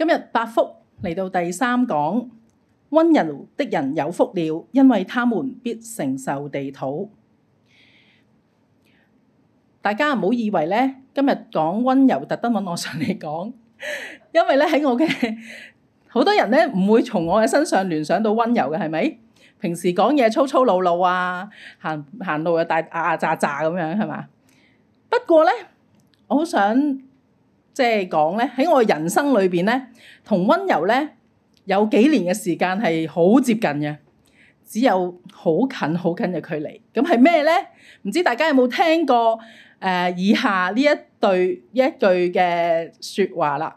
今日八福嚟到第三講，溫柔的人有福了，因為他們必承受地土。大家唔好以為咧，今日講溫柔，特登揾我上嚟講，因為咧喺我嘅好多人咧唔會從我嘅身上聯想到溫柔嘅，係咪？平時講嘢粗粗魯魯啊，行行路又大啊喳喳咁樣，係、啊、嘛？不過咧，我好想。即係講咧，喺我人生裏邊咧，同溫柔咧有幾年嘅時間係好接近嘅，只有好近好近嘅距離。咁係咩咧？唔知大家有冇聽過誒、呃、以下呢一對一句嘅說話啦？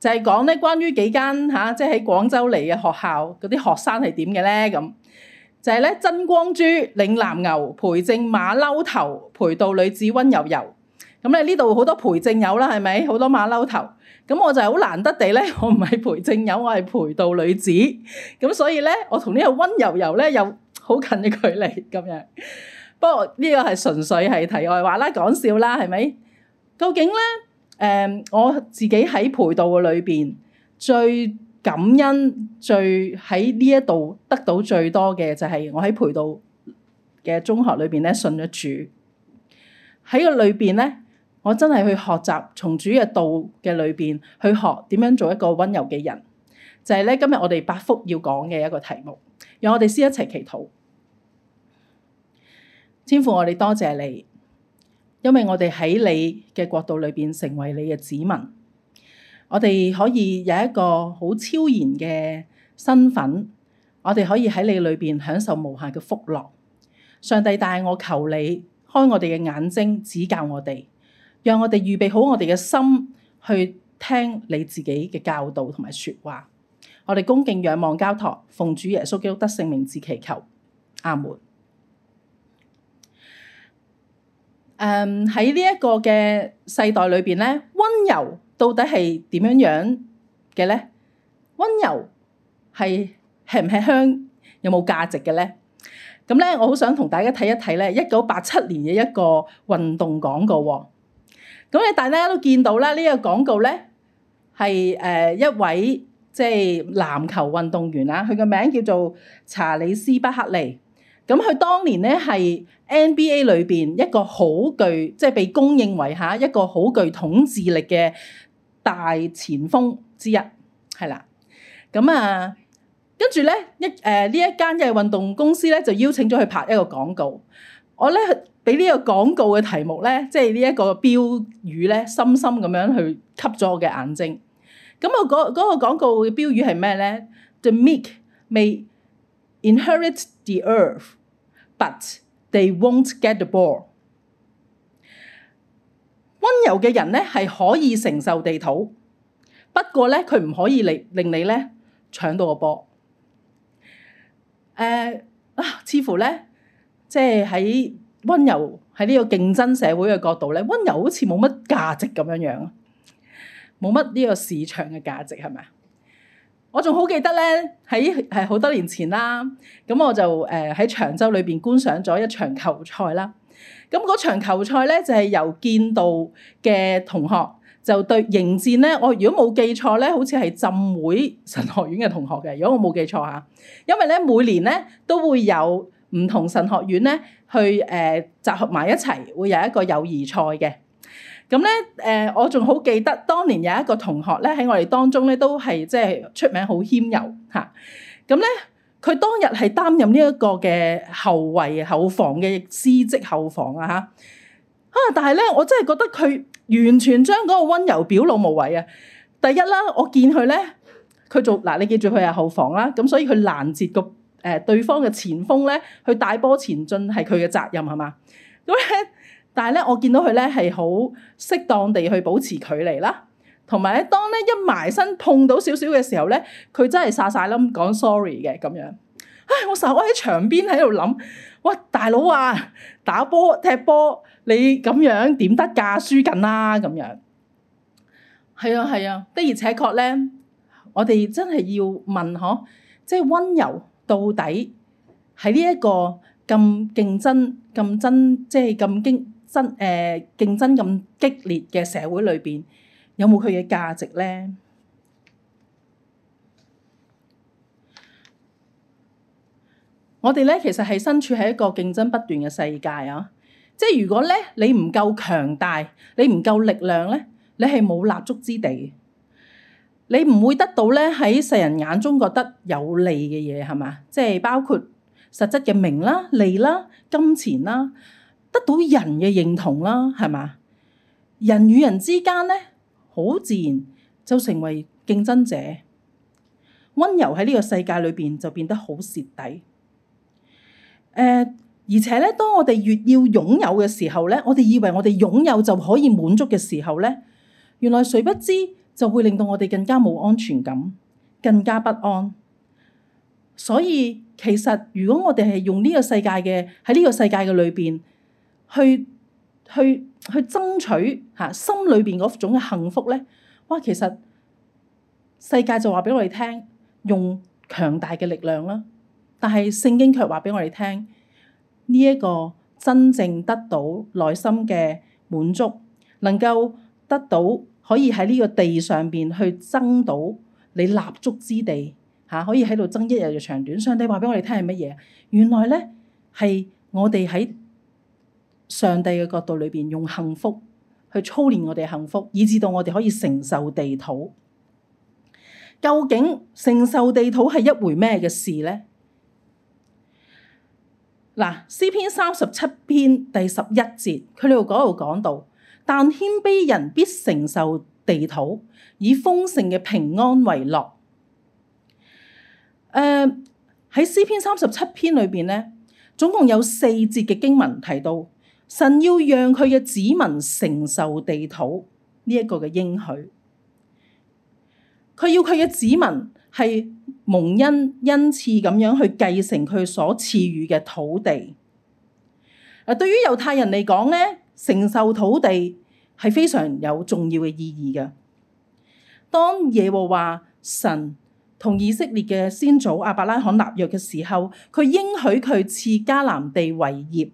就係講咧關於幾間嚇，即係喺廣州嚟嘅學校嗰啲學生係點嘅咧？咁就係咧，真光豬嶺南牛，培正馬騮頭，培道女子溫柔柔。咁咧呢度好多陪正友啦，係咪？好多馬騮頭，咁我就好難得地咧，我唔係陪正友，我係陪道女子，咁所以咧，我同呢個温柔柔咧有好近嘅距離咁樣。今 不過呢個係純粹係題外話啦，講笑啦，係咪？究竟咧，誒、嗯，我自己喺陪道嘅裏邊最感恩、最喺呢一度得到最多嘅，就係我喺陪道嘅中學裏邊咧信咗主，喺個裏邊咧。我真係去學習從主嘅道嘅裏邊去學點樣做一個溫柔嘅人，就係咧今日我哋八福要講嘅一個題目。讓我哋先一齊祈禱。天父，我哋多謝你，因為我哋喺你嘅國度裏邊成為你嘅子民，我哋可以有一個好超然嘅身份，我哋可以喺你裏邊享受無限嘅福樂。上帝，但我求你開我哋嘅眼睛，指教我哋。讓我哋預備好我哋嘅心去聽你自己嘅教導同埋說話。我哋恭敬仰望交託，奉主耶穌基督聖名至祈求。阿門。喺呢一個嘅世代裏邊咧，溫柔到底係點樣樣嘅咧？溫柔係係唔係香有冇價值嘅咧？咁咧，我好想同大家睇一睇咧，一九八七年嘅一個運動廣告喎。咁你大家都見到啦，這個、廣呢個廣告咧係誒一位即係籃球運動員啊，佢個名叫做查理斯·巴克利。咁佢當年咧係 NBA 裏邊一個好具，即係被公認為嚇一個好具統治力嘅大前鋒之一，係啦。咁啊，跟住咧一誒呢、呃、一間嘅運動公司咧就邀請咗佢拍一個廣告。我咧。俾呢個廣告嘅題目咧，即係呢一個標語咧，深深咁樣去吸咗我嘅眼睛。咁啊，嗰嗰個廣告嘅標語係咩咧？The meek may inherit the earth, but they won't get the ball。溫柔嘅人咧係可以承受地土，不過咧佢唔可以令令你咧搶到個波。誒、呃、啊！似乎咧，即係喺。溫柔喺呢個競爭社會嘅角度咧，溫柔好似冇乜價值咁樣樣，冇乜呢個市場嘅價值係咪啊？我仲好記得咧，喺係好多年前啦，咁我就誒喺、呃、長洲裏邊觀賞咗一場球賽啦。咁嗰場球賽咧，就係、是、由建道嘅同學就對迎戰咧。我如果冇記錯咧，好似係浸會神學院嘅同學嘅。如果我冇記錯嚇，因為咧每年咧都會有唔同神學院咧。去誒、呃、集合埋一齊，會有一個友誼賽嘅。咁咧誒，我仲好記得當年有一個同學咧喺我哋當中咧，都係即係出名好謙柔嚇。咁咧，佢當日係擔任呢一個嘅後衛後防嘅司職後防啊嚇。啊！但係咧，我真係覺得佢完全將嗰個温柔表露無遺啊！第一啦，我見佢咧，佢做嗱，你記住佢係後防啦，咁所以佢攔截個誒對方嘅前鋒咧，去帶波前進係佢嘅責任，係嘛咁咧？ 但係咧，我見到佢咧係好適當地去保持距離啦，同埋咧，當咧一埋身碰到少少嘅時候咧，佢真係撒晒冧講 sorry 嘅咁樣。唉，我成日坐喺場邊喺度諗，喂，大佬啊，打波踢波你咁樣點得㗎？輸緊啦，咁樣係啊，係啊，啊的而且確咧，我哋真係要問呵、啊，即係温柔，到底喺呢一個咁競爭咁爭即係咁激爭誒競爭咁激烈嘅社會裏邊，有冇佢嘅價值咧？我哋咧其實係身處喺一個競爭不斷嘅世界啊！即係如果咧你唔夠強大，你唔夠力量咧，你係冇立足之地。你唔會得到咧喺世人眼中覺得有利嘅嘢係嘛？即係包括實質嘅名啦、利啦、金錢啦，得到人嘅認同啦，係嘛？人與人之間咧，好自然就成為競爭者。溫柔喺呢個世界裏邊就變得好蝕底。誒、呃，而且咧，當我哋越要擁有嘅時候咧，我哋以為我哋擁有就可以滿足嘅時候咧，原來誰不知。就會令到我哋更加冇安全感，更加不安。所以其實，如果我哋係用呢個世界嘅喺呢個世界嘅裏邊去去去爭取吓、啊，心裏邊嗰種嘅幸福咧，哇！其實世界就話俾我哋聽，用強大嘅力量啦。但係聖經卻話俾我哋聽，呢、這、一個真正得到內心嘅滿足，能夠得到。可以喺呢個地上邊去爭到你立足之地嚇、啊，可以喺度爭一日嘅長短。上帝話畀我哋聽係乜嘢？原來咧，係我哋喺上帝嘅角度裏邊用幸福去操練我哋幸福，以至到我哋可以承受地土。究竟承受地土係一回咩嘅事咧？嗱、啊，詩篇三十七篇第十一節，佢哋度講到講到。但謙卑人必承受地土，以豐盛嘅平安為樂。誒，喺詩篇三十七篇裏邊咧，總共有四節嘅經文提到，神要讓佢嘅子民承受地土呢一個嘅應許。佢要佢嘅子民係蒙恩恩賜咁樣去繼承佢所賜予嘅土地。誒，對於猶太人嚟講咧。承受土地係非常有重要嘅意義嘅。當耶和華神同以色列嘅先祖阿伯拉罕立約嘅時候，佢應許佢賜迦南地為業，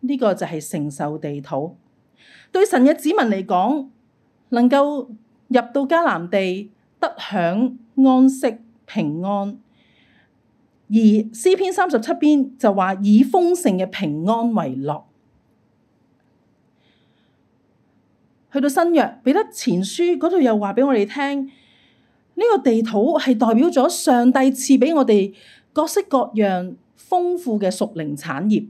呢、這個就係承受地土。對神嘅子民嚟講，能夠入到迦南地得享安息平安。而詩篇三十七篇就話以豐盛嘅平安為樂。去到新約，彼得前書嗰度又話畀我哋聽，呢、這個地土係代表咗上帝賜畀我哋各式各樣豐富嘅屬靈產業。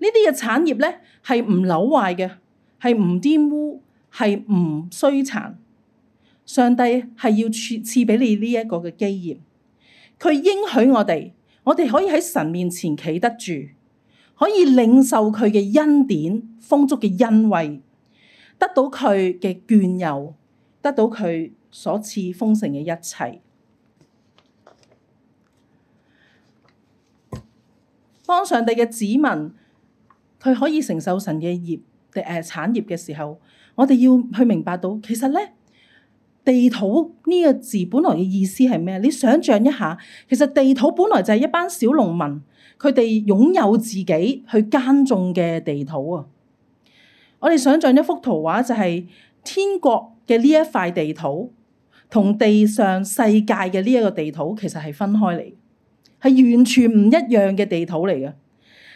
呢啲嘅產業咧係唔朽壞嘅，係唔玷污，係唔衰殘。上帝係要賜賜俾你呢一個嘅基業，佢應許我哋，我哋可以喺神面前企得住，可以領受佢嘅恩典，豐足嘅恩惠。得到佢嘅眷佑，得到佢所賜豐盛嘅一切，當上帝嘅子民，佢可以承受神嘅業誒、呃、產業嘅時候，我哋要去明白到，其實咧，地土呢個字本來嘅意思係咩？你想象一下，其實地土本來就係一班小農民，佢哋擁有自己去耕種嘅地土啊。我哋想象一幅圖畫，就係天國嘅呢一塊地土，同地上世界嘅呢一個地土，其實係分開嚟，係完全唔一樣嘅地土嚟嘅。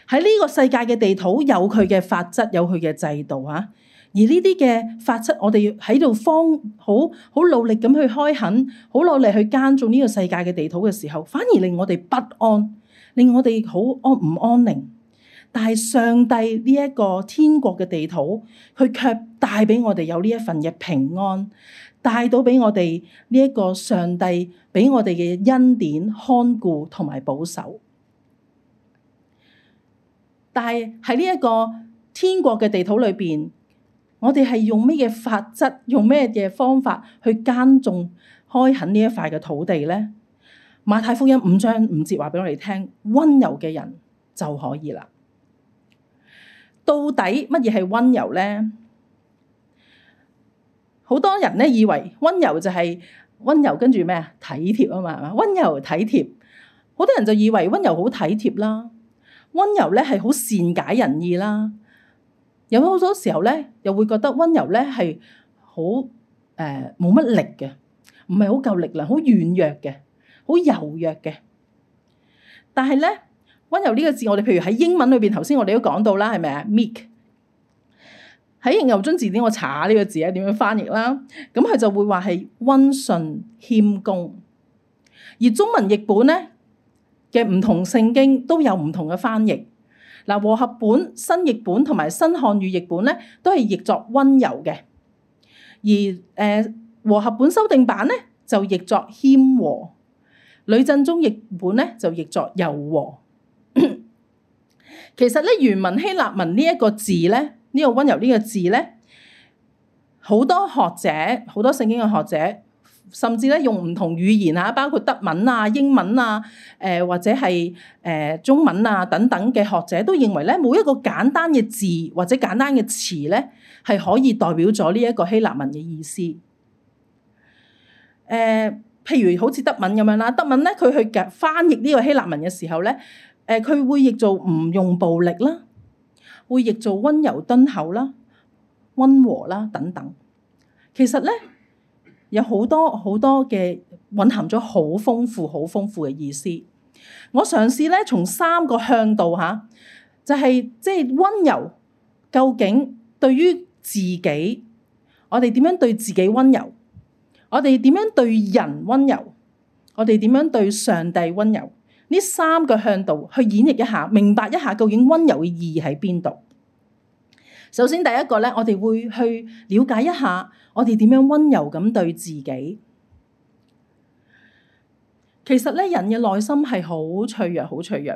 喺呢個世界嘅地土有佢嘅法則，有佢嘅制度嚇。而呢啲嘅法則，我哋喺度方好好努力咁去開墾，好努力去耕種呢個世界嘅地土嘅時候，反而令我哋不安，令我哋好安唔安寧。但係上帝呢一個天國嘅地土，佢卻帶俾我哋有呢一份嘅平安，帶到俾我哋呢一個上帝畀我哋嘅恩典、看顧同埋保守。但係喺呢一個天國嘅地土裏邊，我哋係用咩嘅法則、用咩嘅方法去耕種、開墾呢一塊嘅土地咧？馬太福音五章五節話俾我哋聽：溫柔嘅人就可以啦。到底乜嘢係溫柔咧？好多人咧以為溫柔就係溫柔，跟住咩啊？體貼啊嘛，溫柔體貼。好多人就以為溫柔好體貼啦，溫柔咧係好善解人意啦。有好多時候咧，又會覺得溫柔咧係好誒，冇乜力嘅，唔係好夠力量，好軟弱嘅，好柔弱嘅。但係咧，溫柔呢個字，我哋譬如喺英文裏邊，頭先我哋都講到啦，係咪啊？Meek 喺《牛津字典》，我查下呢個字係點樣翻譯啦。咁佢就會話係溫順謙恭。而中文譯本咧嘅唔同聖經都有唔同嘅翻譯。嗱，和合本、新譯本同埋新漢語譯本咧，都係譯作溫柔嘅。而誒、呃、和合本修訂版咧，就譯作謙和；呂振中譯本咧，就譯作柔和。其實咧，原文希臘文呢一個字咧，呢、這個温柔呢個字咧，好多學者，好多聖經嘅學者，甚至咧用唔同語言啊，包括德文啊、英文啊、誒、呃、或者係誒、呃、中文啊等等嘅學者，都認為咧，冇一個簡單嘅字或者簡單嘅詞咧，係可以代表咗呢一個希臘文嘅意思。誒、呃，譬如好似德文咁樣啦，德文咧佢去講翻譯呢個希臘文嘅時候咧。誒，佢會譯做唔用暴力啦，會譯做溫柔敦厚啦、溫和啦等等。其實咧，有好多好多嘅蘊含咗好豐富、好豐富嘅意思。我嘗試咧從三個向度吓、啊，就係即係溫柔究竟對於自己，我哋點樣對自己溫柔？我哋點樣對人溫柔？我哋點樣對上帝溫柔？呢三個向度去演繹一下，明白一下究竟溫柔嘅意義喺邊度。首先第一個咧，我哋會去了解一下我哋點樣溫柔咁對自己。其實咧，人嘅內心係好脆弱，好脆弱。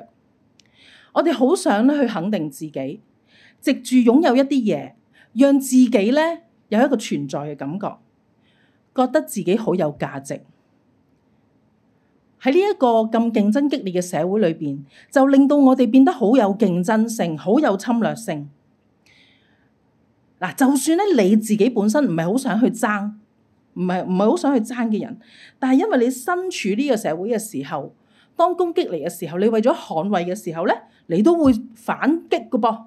我哋好想去肯定自己，藉住擁有一啲嘢，讓自己咧有一個存在嘅感覺，覺得自己好有價值。喺呢一個咁競爭激烈嘅社會裏邊，就令到我哋變得好有競爭性、好有侵略性。嗱，就算咧你自己本身唔係好想去爭，唔係唔係好想去爭嘅人，但係因為你身處呢個社會嘅時候，當攻擊你嘅時候，你為咗捍衛嘅時候咧，你都會反擊㗎噃。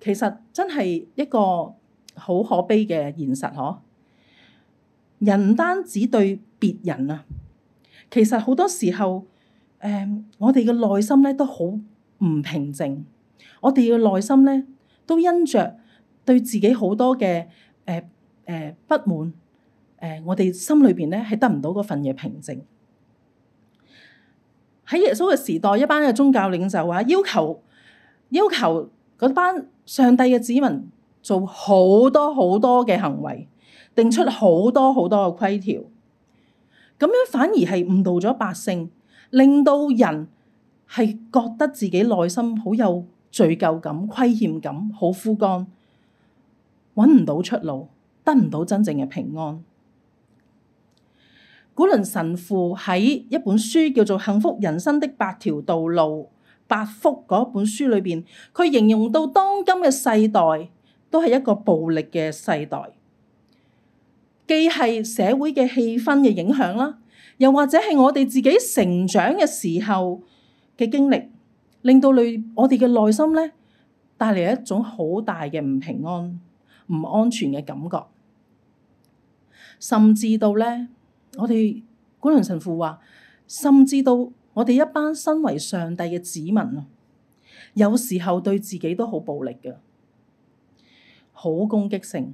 其實真係一個好可悲嘅現實，嗬。人唔單止對別人啊，其實好多時候，誒、呃，我哋嘅內心咧都好唔平靜。我哋嘅內心咧都因着對自己好多嘅誒誒不滿，誒、呃，我哋心裏邊咧係得唔到嗰份嘢平靜。喺耶穌嘅時代，一班嘅宗教領袖話要求要求嗰班上帝嘅子民做好多好多嘅行為。定出好多好多嘅規條，咁樣反而係誤導咗百姓，令到人係覺得自己內心好有罪疚感、虧欠感，好枯乾，搵唔到出路，得唔到真正嘅平安。古倫神父喺一本書叫做《幸福人生的八條道路》八福嗰本書裏邊，佢形容到當今嘅世代都係一個暴力嘅世代。既係社會嘅氣氛嘅影響啦，又或者係我哋自己成長嘅時候嘅經歷，令到你我哋嘅內心咧，帶嚟一種好大嘅唔平安、唔安全嘅感覺。甚至到咧，我哋古倫神父話，甚至到我哋一班身為上帝嘅子民啊，有時候對自己都好暴力嘅，好攻擊性。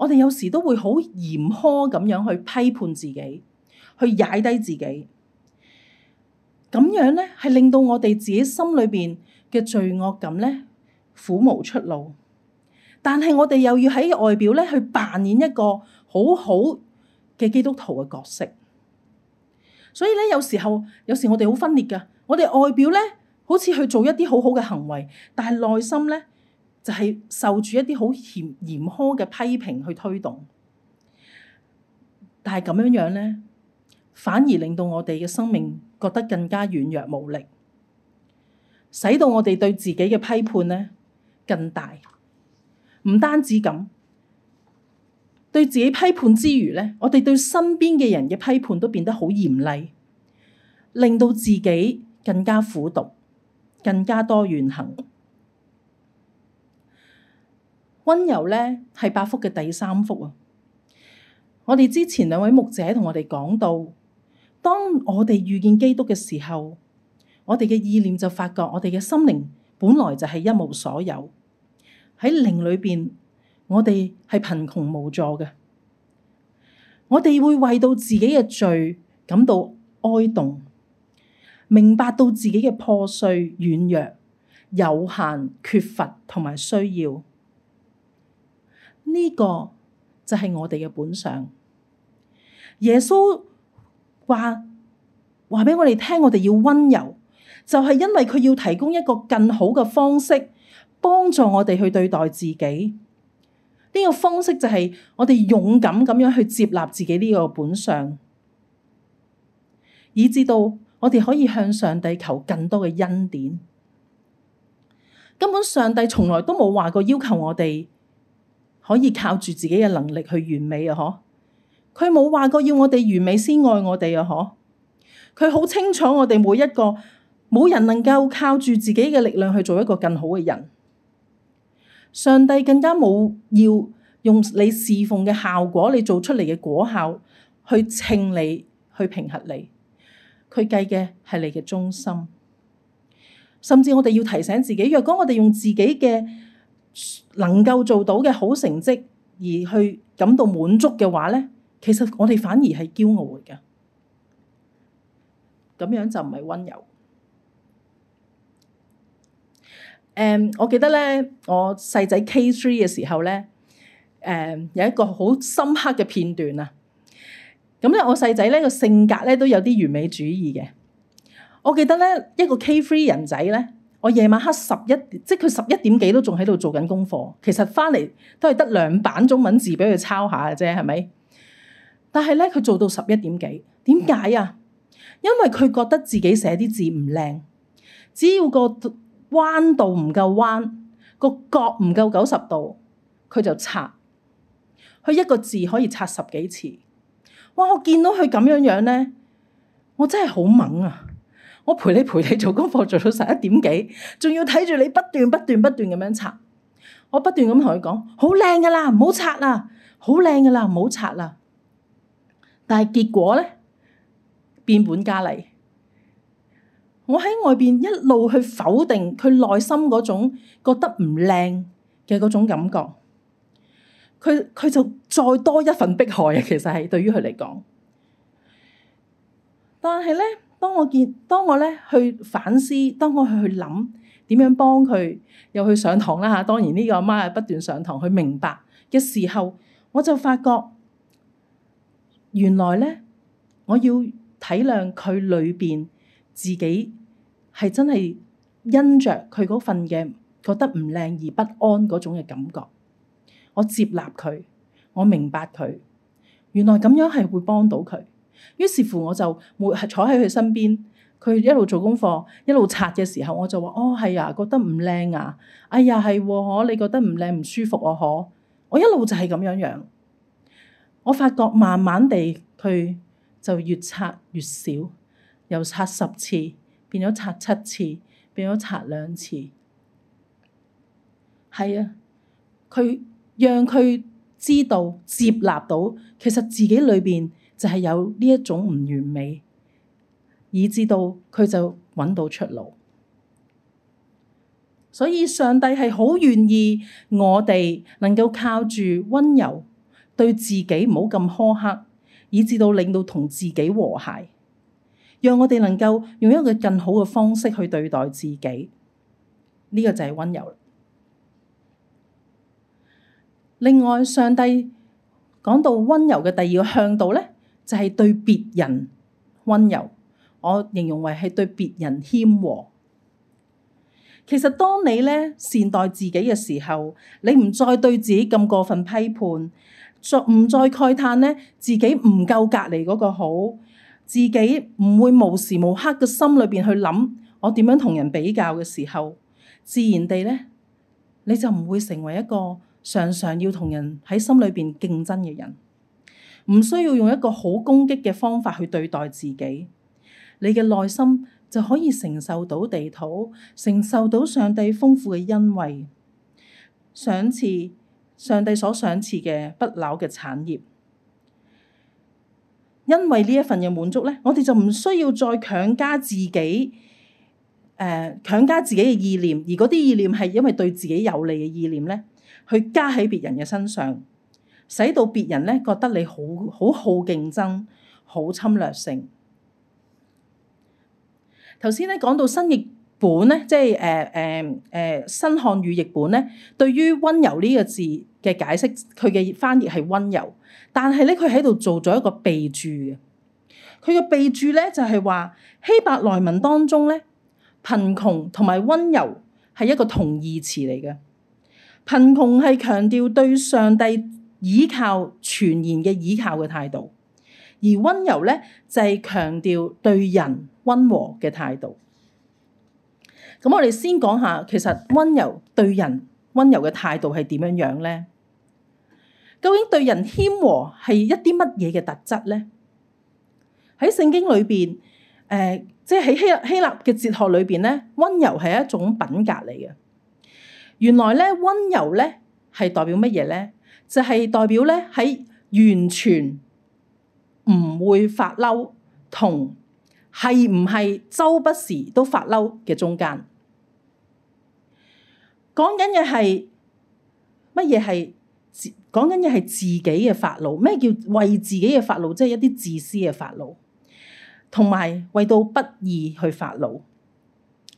我哋有時都會好嚴苛咁樣去批判自己，去踩低自己，咁樣咧係令到我哋自己心裏面嘅罪惡感咧苦無出路。但係我哋又要喺外表咧去扮演一個好好嘅基督徒嘅角色，所以咧有時候有時我哋好分裂噶，我哋外表咧好似去做一啲好好嘅行為，但係內心咧。就係受住一啲好嚴嚴苛嘅批評去推動，但係咁樣樣咧，反而令到我哋嘅生命覺得更加軟弱無力，使到我哋對自己嘅批判咧更大。唔單止咁，對自己批判之餘咧，我哋對身邊嘅人嘅批判都變得好嚴厲，令到自己更加苦毒，更加多怨恨。溫柔呢係八福嘅第三福啊。我哋之前兩位牧者同我哋講到，當我哋遇見基督嘅時候，我哋嘅意念就發覺，我哋嘅心靈本來就係一無所有喺靈裏面，我哋係貧窮無助嘅。我哋會為到自己嘅罪感到哀動，明白到自己嘅破碎、軟弱、有限、缺乏同埋需要。呢個就係我哋嘅本相。耶穌話話俾我哋聽，我哋要溫柔，就係因為佢要提供一個更好嘅方式，幫助我哋去對待自己。呢個方式就係我哋勇敢咁樣去接納自己呢個本相，以至到我哋可以向上帝求更多嘅恩典。根本上帝從來都冇話過要求我哋。可以靠住自己嘅能力去完美啊！嗬，佢冇話過要我哋完美先愛我哋啊！嗬，佢好清楚我哋每一個，冇人能夠靠住自己嘅力量去做一個更好嘅人。上帝更加冇要用你侍奉嘅效果，你做出嚟嘅果效去稱你，去評核你。佢計嘅係你嘅忠心，甚至我哋要提醒自己，若果我哋用自己嘅。能夠做到嘅好成績，而去感到滿足嘅話咧，其實我哋反而係驕傲嘅，咁樣就唔係溫柔。誒、嗯，我記得咧，我細仔 K3 嘅時候咧，誒、嗯、有一個好深刻嘅片段啊。咁、嗯、咧，我細仔咧個性格咧都有啲完美主義嘅。我記得咧一個 K3 人仔咧。我夜晚黑十一點，即係佢十一點幾都仲喺度做緊功課。其實翻嚟都係得兩版中文字俾佢抄下啫，係咪？但係咧，佢做到十一點幾，點解啊？因為佢覺得自己寫啲字唔靚，只要個彎度唔夠彎，個角唔夠九十度，佢就擦。佢一個字可以擦十幾次。哇！我見到佢咁樣樣咧，我真係好猛啊！我陪你陪你做功課做到十一點幾，仲要睇住你不斷不斷不斷咁樣擦，我不斷咁同佢講好靚噶啦，唔好擦啦，好靚噶啦，唔好擦啦。但係結果咧，變本加厲。我喺外邊一路去否定佢內心嗰種覺得唔靚嘅嗰種感覺，佢佢就再多一份迫害啊！其實係對於佢嚟講，但係咧。當我見，當我咧去反思，當我去去諗點樣幫佢，又去上堂啦嚇。當然呢個阿媽係不斷上堂，去明白嘅時候，我就發覺原來咧，我要體諒佢裏邊自己係真係因着佢嗰份嘅覺得唔靚而不安嗰種嘅感覺。我接納佢，我明白佢，原來咁樣係會幫到佢。於是乎我就每坐喺佢身邊，佢一路做功課，一路刷嘅時候，我就話：哦係啊，覺得唔靚啊！哎呀，係喎，嗬，你覺得唔靚唔舒服喎、啊，嗬！我一路就係咁樣樣，我發覺慢慢地佢就越刷越少，由刷十次，變咗刷七次，變咗刷兩次。係啊，佢讓佢。知道接納到，其實自己裏邊就係有呢一種唔完美，以致到佢就揾到出路。所以上帝係好願意我哋能夠靠住温柔對自己，唔好咁苛刻，以致到令到同自己和諧，讓我哋能夠用一個更好嘅方式去對待自己。呢個就係温柔。另外，上帝講到温柔嘅第二個向度咧，就係對別人温柔。我形容為係對別人謙和。其實，當你咧善待自己嘅時候，你唔再對自己咁過分批判，再唔再慨嘆咧自己唔夠隔離嗰個好，自己唔會無時無刻嘅心裏邊去諗我點樣同人比較嘅時候，自然地咧你就唔會成為一個常常要同人喺心裏邊競爭嘅人，唔需要用一個好攻擊嘅方法去對待自己，你嘅內心就可以承受到地土，承受到上帝豐富嘅恩惠、賞賜，上帝所賞賜嘅不朽嘅產業。因為呢一份嘅滿足咧，我哋就唔需要再強加自己，誒、呃、強加自己嘅意念，而嗰啲意念係因為對自己有利嘅意念咧。佢加喺別人嘅身上，使到別人咧覺得你好好好競爭、好侵略性。頭先咧講到新譯本咧，即係誒誒誒新漢語譯本咧，對於温柔呢個字嘅解釋，佢嘅翻譯係温柔，但係咧佢喺度做咗一個備註嘅。佢嘅備註咧就係話希伯來文當中咧，貧窮同埋温柔係一個同義詞嚟嘅。貧窮係強調對上帝倚靠、全然嘅倚靠嘅態度，而溫柔咧就係強調對人溫和嘅態度。咁我哋先講下，其實溫柔對人溫柔嘅態度係點樣樣咧？究竟對人謙和係一啲乜嘢嘅特質咧？喺聖經裏邊，誒、呃，即係喺希希臘嘅哲學裏邊咧，溫柔係一種品格嚟嘅。原來咧，溫柔咧係代表乜嘢咧？就係、是、代表咧喺完全唔會發嬲同係唔係周不時都發嬲嘅中間，講緊嘅係乜嘢係？講緊嘅係自己嘅發怒。咩叫為自己嘅發怒？即係一啲自私嘅發怒，同埋為到不義去發怒，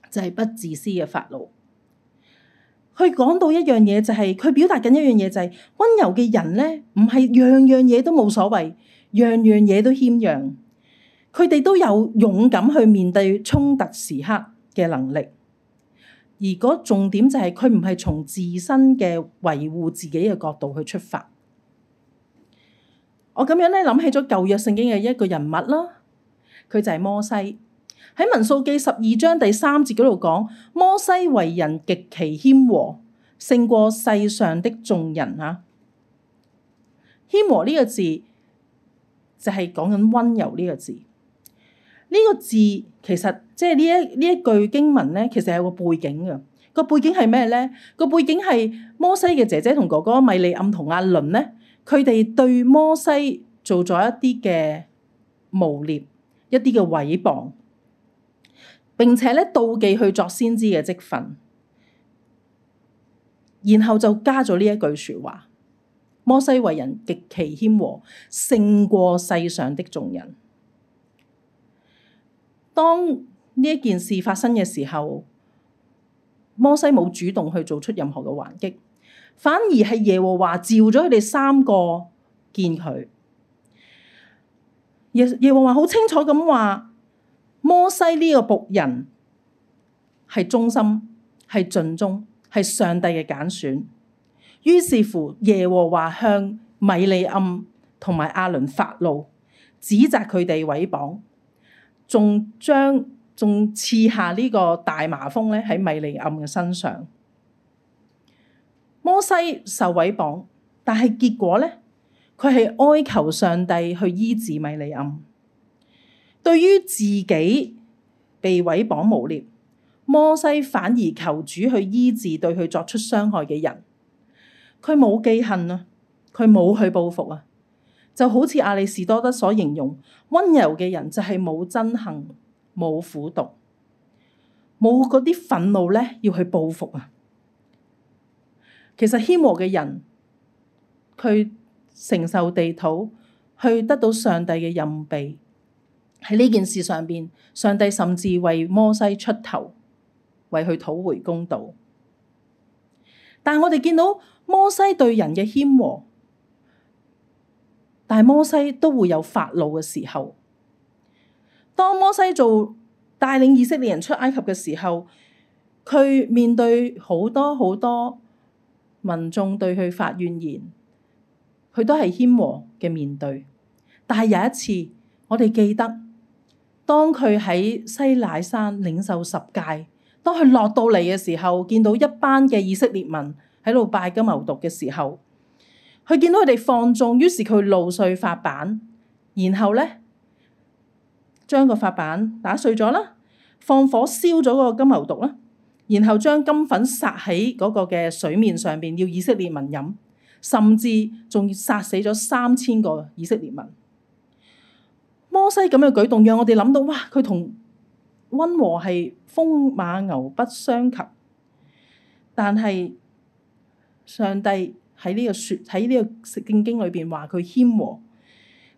就係、是、不自私嘅發怒。佢講到一樣嘢就係，佢表達緊一樣嘢就係，溫柔嘅人咧，唔係樣樣嘢都冇所謂，樣樣嘢都謙讓，佢哋都有勇敢去面對衝突時刻嘅能力。而嗰重點就係佢唔係從自身嘅維護自己嘅角度去出發。我咁樣咧，諗起咗舊約聖經嘅一個人物啦，佢就係摩西。喺《民數記》十二章第三節嗰度講，摩西為人極其謙和，勝過世上的眾人啊。謙和呢個字就係講緊溫柔呢個字。呢個字其實即係呢一呢一句經文咧，其實有個背景噶，個背景係咩咧？個背景係摩西嘅姐姐同哥哥米利暗同亞倫咧，佢哋對摩西做咗一啲嘅誣衊，一啲嘅毀謗。並且咧妒忌去作先知嘅職份，然後就加咗呢一句說話：摩西為人極其謙和，勝過世上的眾人。當呢一件事發生嘅時候，摩西冇主動去做出任何嘅還擊，反而係耶和華召咗佢哋三個見佢。耶耶和華好清楚咁話。摩西呢個僕人係忠心，係盡忠，係上帝嘅揀選。於是乎，耶和華向米利暗同埋亞倫發怒，指責佢哋毀謗，仲將仲賜下呢個大麻風咧喺米利暗嘅身上。摩西受毀謗，但係結果咧，佢係哀求上帝去醫治米利暗。對於自己被綁綁無裂，摩西反而求主去醫治對佢作出傷害嘅人，佢冇記恨啊，佢冇去報復啊，就好似阿里士多德所形容，溫柔嘅人就係冇憎恨、冇苦毒、冇嗰啲憤怒咧要去報復啊。其實謙和嘅人，佢承受地土，去得到上帝嘅任庇。喺呢件事上邊，上帝甚至為摩西出頭，為佢討回公道。但係我哋見到摩西對人嘅謙和，但係摩西都會有發怒嘅時候。當摩西做帶領以色列人出埃及嘅時候，佢面對好多好多民眾對佢發怨言，佢都係謙和嘅面對。但係有一次，我哋記得。當佢喺西乃山領袖十誡，當佢落到嚟嘅時候，見到一班嘅以色列民喺度拜金牛犢嘅時候，佢見到佢哋放縱，於是佢怒碎法板，然後咧將個法板打碎咗啦，放火燒咗個金牛犢啦，然後將金粉撒喺嗰個嘅水面上邊要以色列民飲，甚至仲要殺死咗三千個以色列民。摩西咁嘅舉動，讓我哋諗到，哇！佢同溫和係風馬牛不相及。但係上帝喺呢個説喺呢個聖經裏邊話佢謙和，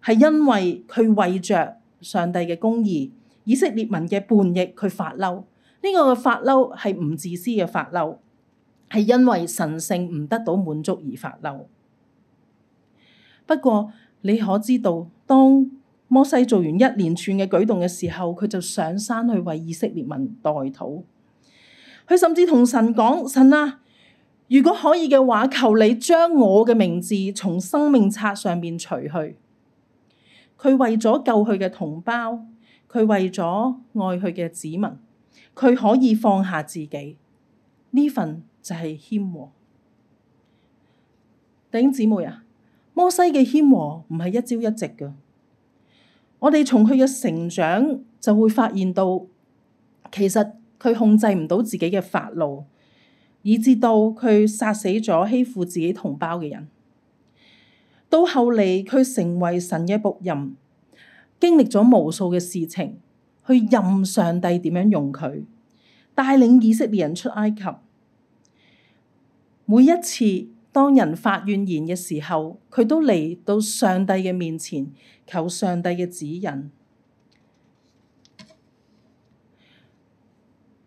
係因為佢為着上帝嘅公義，以色列民嘅叛逆，佢、這個、發嬲。呢個嘅發嬲係唔自私嘅發嬲，係因為神性唔得到滿足而發嬲。不過你可知道，當摩西做完一連串嘅舉動嘅時候，佢就上山去為以色列民代禱。佢甚至同神講：神啊，如果可以嘅話，求你將我嘅名字從生命冊上面除去。佢為咗救佢嘅同胞，佢為咗愛佢嘅子民，佢可以放下自己。呢份就係謙和。弟兄姊妹啊，摩西嘅謙和唔係一朝一夕㗎。我哋從佢嘅成長就會發現到，其實佢控制唔到自己嘅發怒，以至到佢殺死咗欺負自己同胞嘅人。到後嚟佢成為神嘅僕人，經歷咗無數嘅事情，去任上帝點樣用佢，帶領以色列人出埃及。每一次。當人發怨言嘅時候，佢都嚟到上帝嘅面前求上帝嘅指引，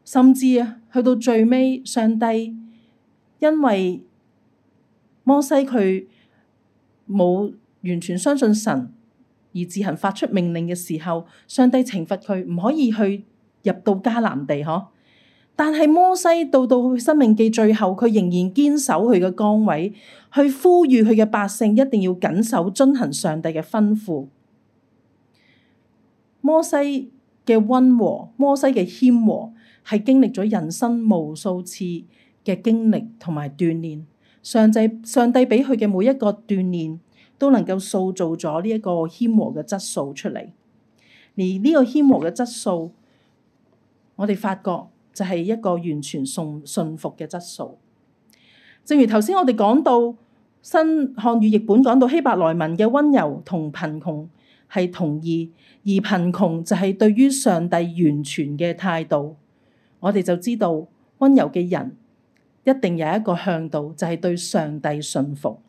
甚至去到最尾，上帝因為摩西佢冇完全相信神而自行發出命令嘅時候，上帝懲罰佢唔可以去入到迦南地，但係摩西到到《生命記》最後，佢仍然堅守佢嘅崗位，去呼籲佢嘅百姓一定要謹守遵行上帝嘅吩咐。摩西嘅溫和，摩西嘅謙和，係經歷咗人生無數次嘅經歷同埋鍛煉。上帝畀佢嘅每一個鍛煉，都能夠塑造咗呢一個謙和嘅質素出嚟。而呢個謙和嘅質素，我哋發覺，就係一個完全信服嘅質素，正如頭先我哋講到新漢語譯本講到希伯來文嘅溫柔同貧窮係同義，而貧窮就係對於上帝完全嘅態度。我哋就知道溫柔嘅人一定有一個向度，就係、是、對上帝信服。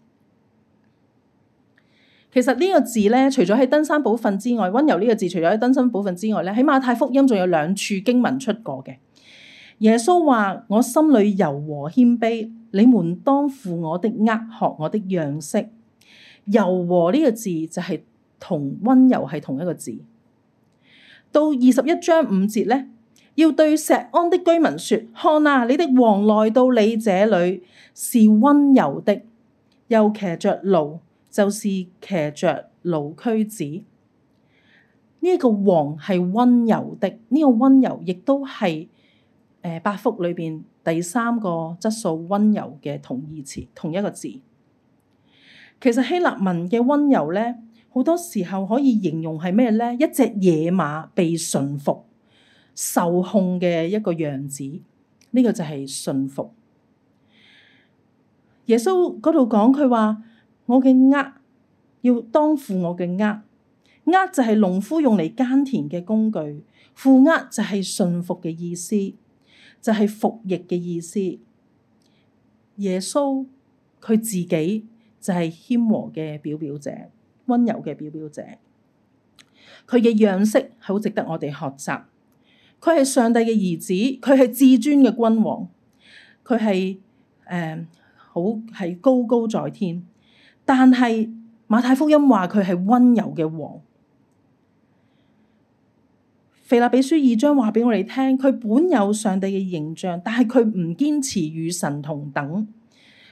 其實呢個字咧，除咗喺登山寶訓之外，溫柔呢個字除咗喺登山寶訓之外咧，喺馬太福音仲有兩處經文出過嘅。耶穌話：我心裡柔和謙卑，你們當負我的呃學我的樣式。柔和呢個字就係同温柔係同一個字。到二十一章五節呢，要對錫安的居民說：看啊，你的王來到你這裏是温柔的，又騎着驢，就是騎着驢駒子。呢、這個王係温柔的，呢、這個温柔亦都係。誒八福裏邊第三個質素温柔嘅同義詞，同一個字。其實希臘文嘅温柔咧，好多時候可以形容係咩咧？一隻野馬被馴服、受控嘅一個樣子，呢、這個就係馴服。耶穌嗰度講佢話：我嘅軛要當負我嘅軛。軛就係農夫用嚟耕田嘅工具，負軛就係馴服嘅意思。就係服役嘅意思。耶穌佢自己就係謙和嘅表表者，温柔嘅表表者。佢嘅樣式好值得我哋學習。佢係上帝嘅兒子，佢係至尊嘅君王。佢係誒好係高高在天，但係馬太福音話佢係温柔嘅王。腓立比書二章話俾我哋聽，佢本有上帝嘅形象，但係佢唔堅持與神同等，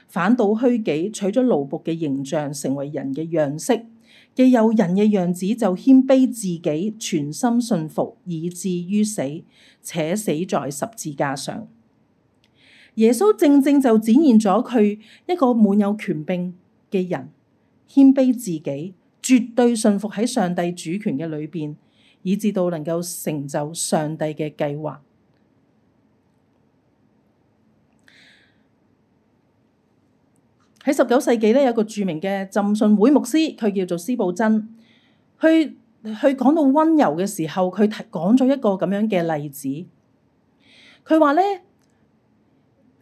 反倒虛己，取咗奴僕嘅形象，成為人嘅樣式。既有人嘅樣子，就謙卑自己，全心信服，以至於死，且死在十字架上。耶穌正正就展現咗佢一個滿有權柄嘅人，謙卑自己，絕對信服喺上帝主權嘅裏邊。以致到能夠成就上帝嘅計劃。喺十九世紀咧，有一個著名嘅浸信會牧師，佢叫做司布真。佢佢講到溫柔嘅時候，佢講咗一個咁樣嘅例子。佢話咧，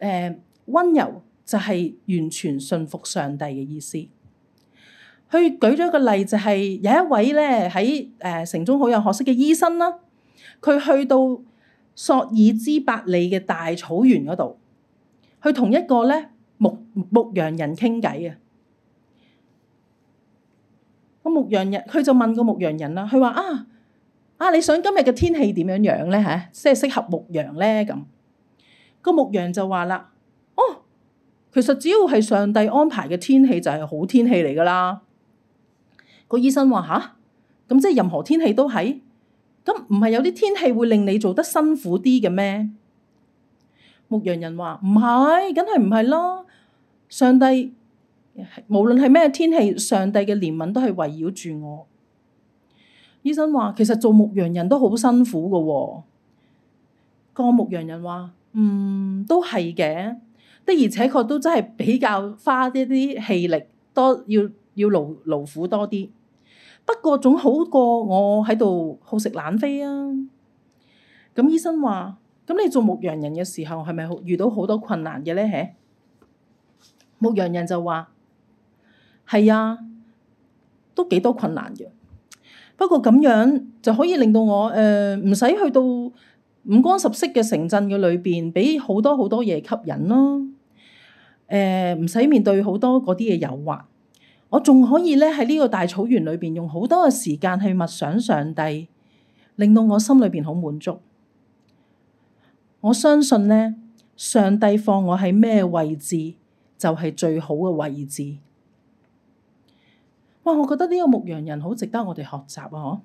誒、呃，溫柔就係完全信服上帝嘅意思。佢舉咗一個例子，就係有一位咧喺誒城中好有學識嘅醫生啦。佢去到索爾茲伯里嘅大草原嗰度，去同一個咧牧牧羊人傾偈啊。個牧羊人佢就問個牧羊人啦，佢話：啊啊，你想今日嘅天氣點樣樣咧嚇？即係適合牧羊咧咁。個牧羊就話啦：哦，其實只要係上帝安排嘅天氣，就係好天氣嚟㗎啦。個醫生話吓，咁即係任何天氣都係，咁唔係有啲天氣會令你做得辛苦啲嘅咩？牧羊人話唔係，梗係唔係啦。上帝無論係咩天氣，上帝嘅憐憫都係圍繞住我。醫生話其實做牧羊人都好辛苦㗎喎。個牧羊人話嗯，都係嘅，的而且確都真係比較花啲啲氣力，多要要勞勞苦多啲。不過總好過我喺度好食懶飛啊！咁醫生話：咁你做牧羊人嘅時候係咪遇到好多困難嘅咧？嚇，牧羊人就話：係啊，都幾多困難嘅。不過咁樣就可以令到我誒唔使去到五光十色嘅城鎮嘅裏邊，俾好多好多嘢吸引咯。誒唔使面對好多嗰啲嘢誘惑。我仲可以咧喺呢個大草原裏邊用好多嘅時間去默想上帝，令到我心裏邊好滿足。我相信咧，上帝放我喺咩位置就係最好嘅位置。哇！我覺得呢個牧羊人好值得我哋學習啊！嗬，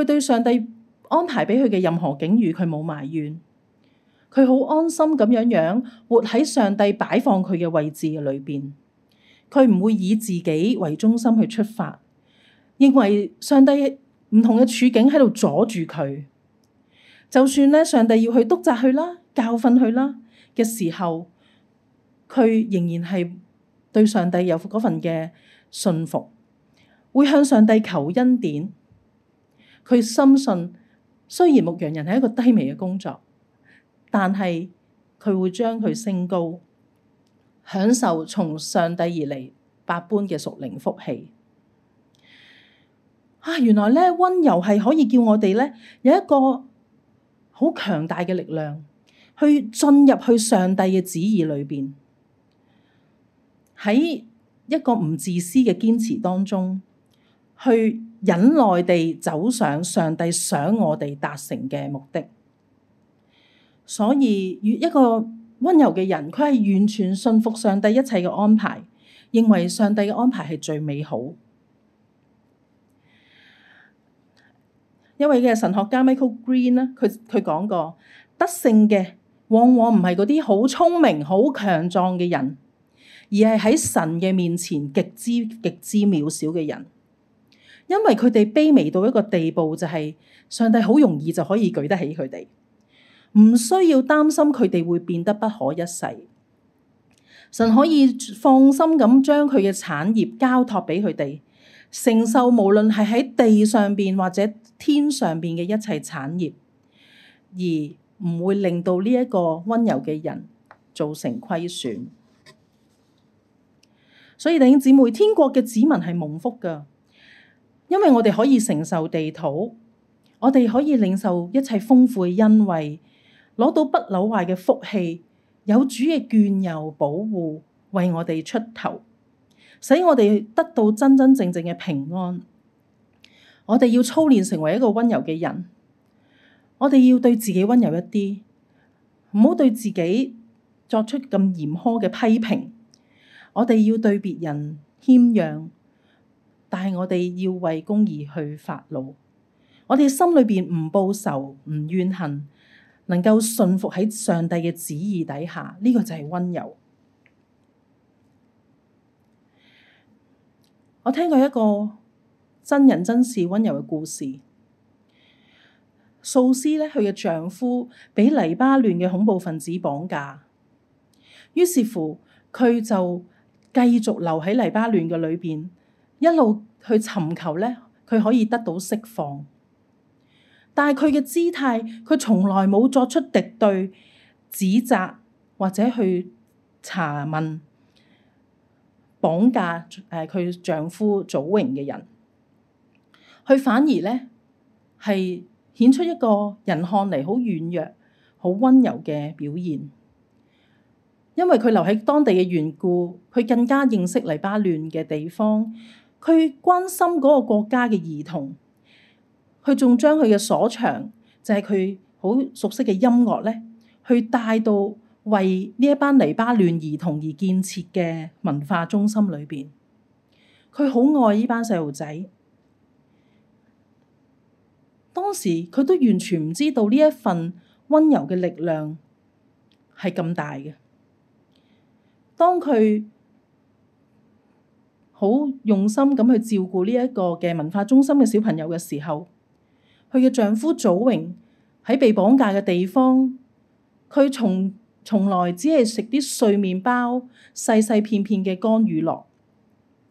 佢對上帝安排俾佢嘅任何境遇，佢冇埋怨，佢好安心咁樣樣活喺上帝擺放佢嘅位置嘅裏邊。佢唔會以自己為中心去出發，認為上帝唔同嘅處境喺度阻住佢。就算咧，上帝要去督責佢啦、教訓佢啦嘅時候，佢仍然係對上帝有嗰份嘅信服，會向上帝求恩典。佢深信，雖然牧羊人係一個低微嘅工作，但係佢會將佢升高。享受從上帝而嚟百般嘅屬靈福氣啊！原來咧溫柔係可以叫我哋咧有一個好強大嘅力量，去進入去上帝嘅旨意裏邊，喺一個唔自私嘅堅持當中，去忍耐地走上上帝想我哋達成嘅目的。所以與一個。溫柔嘅人，佢係完全信服上帝一切嘅安排，認為上帝嘅安排係最美好。一位嘅神學家 Michael Green 佢佢講過，得勝嘅往往唔係嗰啲好聰明、好強壯嘅人，而係喺神嘅面前極之極之渺小嘅人。因為佢哋卑微到一個地步，就係上帝好容易就可以舉得起佢哋。唔需要擔心佢哋會變得不可一世，神可以放心咁將佢嘅產業交託俾佢哋，承受無論係喺地上邊或者天上邊嘅一切產業，而唔會令到呢一個溫柔嘅人造成虧損。所以弟兄姊妹，天國嘅子民係蒙福㗎，因為我哋可以承受地土，我哋可以領受一切豐富嘅恩惠。攞到不朽壞嘅福氣，有主嘅眷佑保護，為我哋出頭，使我哋得到真真正正嘅平安。我哋要操練成為一個温柔嘅人，我哋要對自己温柔一啲，唔好對自己作出咁嚴苛嘅批評。我哋要對別人謙讓，但係我哋要為公義去發怒。我哋心裏面唔報仇，唔怨恨。能夠信服喺上帝嘅旨意底下，呢、這個就係溫柔。我聽過一個真人真事溫柔嘅故事，素斯呢，佢嘅丈夫畀黎巴嫩嘅恐怖分子綁架，於是乎佢就繼續留喺黎巴嫩嘅裏邊，一路去尋求呢，佢可以得到釋放。但係佢嘅姿態，佢從來冇作出敵對、指責或者去查問、綁架誒佢丈夫祖榮嘅人。佢反而咧係顯出一個人看嚟好軟弱、好温柔嘅表現。因為佢留喺當地嘅緣故，佢更加認識黎巴嫩嘅地方，佢關心嗰個國家嘅兒童。佢仲將佢嘅所長，就係佢好熟悉嘅音樂咧，去帶到為呢一班黎巴嫩兒童而建設嘅文化中心裏邊。佢好愛呢班細路仔。當時佢都完全唔知道呢一份温柔嘅力量係咁大嘅。當佢好用心咁去照顧呢一個嘅文化中心嘅小朋友嘅時候。佢嘅丈夫祖榮喺被綁架嘅地方，佢從從來只係食啲碎麵包、細細片片嘅乾乳酪。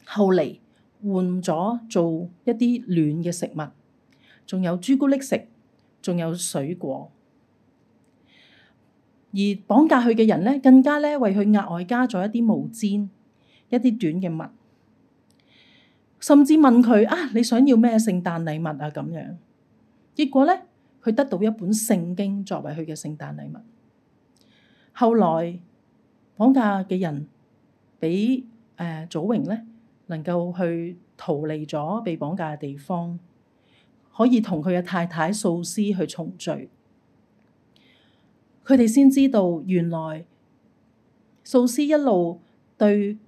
後嚟換咗做一啲暖嘅食物，仲有朱古力食，仲有水果。而綁架佢嘅人咧，更加咧為佢額外加咗一啲毛氈，一啲短嘅襪，甚至問佢啊，你想要咩聖誕禮物啊？咁樣。結果咧，佢得到一本聖經作為佢嘅聖誕禮物。後來綁架嘅人畀、誒、呃、祖榮咧，能夠去逃離咗被綁架嘅地方，可以同佢嘅太太素斯去重聚。佢哋先知道原來素斯一路對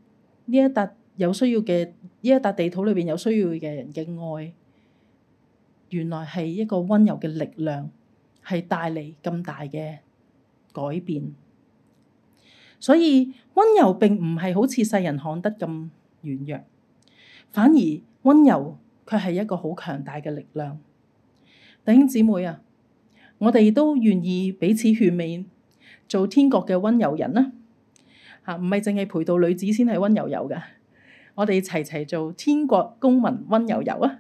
呢一笪有需要嘅呢一笪地土裏邊有需要嘅人嘅愛。原來係一個温柔嘅力量，係帶嚟咁大嘅改變。所以温柔並唔係好似世人看得咁軟弱，反而温柔卻係一個好強大嘅力量。弟兄姊妹啊，我哋都願意彼此勸勉，做天國嘅温柔人啊。嚇唔係淨係陪到女子先係温柔柔嘅，我哋齊齊做天國公民温柔柔啊！